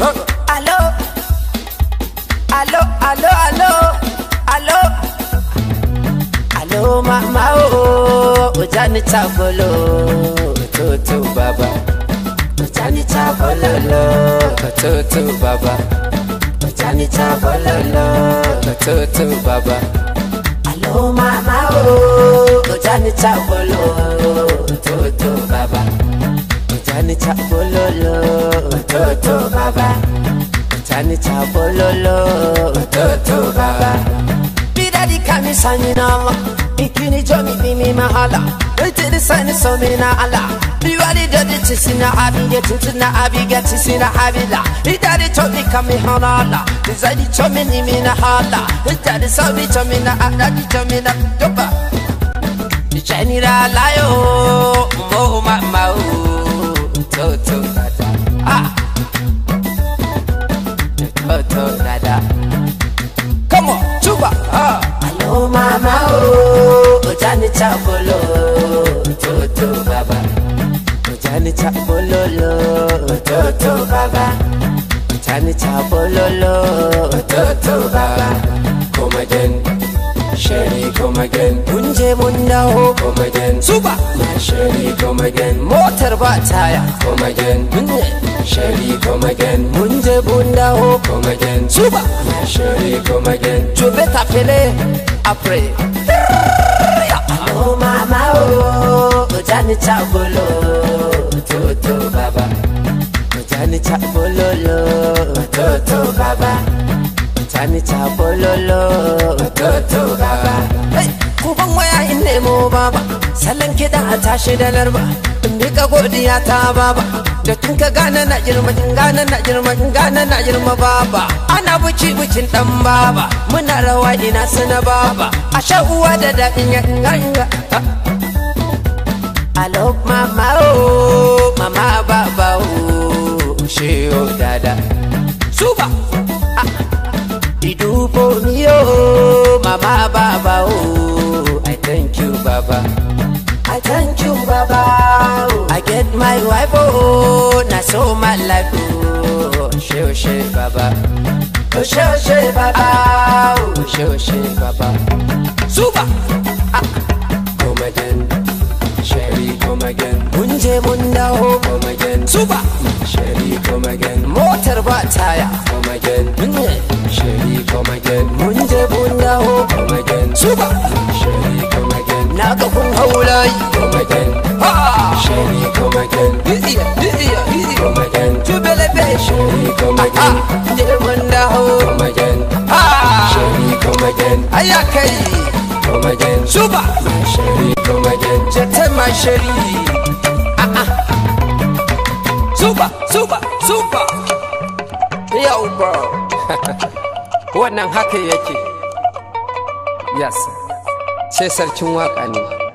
Aló, aló, aló, aló, aló. Aló, mama, oh, ujani chabolo, tutu baba. Ujani chabololo, tutu baba. Ujani chabololo, tutu baba. Aló, mama, oh, ujani chabolo, tutu baba. Ujani chabololo kanita bololo Mtoto baba Bidadi kanisa nina Allah Ikini mi mi mahala Itini sani somi na ala Biwali dodi tisi na abiye Tutu na abiye tisi na abila Bidadi tomi kami halala mi chomi Mi na hala Itadi somi chomi na adadi chomi na Doba Chanira yo, Mo mama oo Tujani chapolo, toto baba. Tujani chapololo, toto baba. Tujani chapololo, toto baba. Come again, Sherry, come again. Munje ho. come again. Super, my Sherry, come again. Motor bataya, come again. Munje, Sherry, come again. Munje ho. come again. Super, my Sherry, come again. Jubeta pele, I pray. o mama o ojani chabolo toto baba ojani chabololo toto baba ojani chabololo toto baba kuban waya in mo baba salon kiɗa a tashi da larba mika godiya ta baba da tun ka gane na girma in gane na girma in gane na girma baba ana buci bucin dan baba muna rawa ina sana baba a sha uwa da da in ya ganga I love mama oh mama baba oh she oh dada suba Didu ah. for me oh mama baba oh I thank you baba I thank you, Baba. I get my wife, oh, na so my life, oh, she, oh, she, Baba. Oh, she, oh, she, Baba. Oh, she, oh, she, Baba. Super. Ah. Come again, Sherry, come again. Munje mundao, come again. Super. Sherry, come again. Motor ba taya, come again. Sherry, come again. Munje mundao, come again. Super. again. Sherry come again. Come again. come again. wonder how. Come again. come again. Come again. Super. My come again. my Super, super, super. Yo bro. Wannan haka yake. Yes. Sai sarkin waka ne.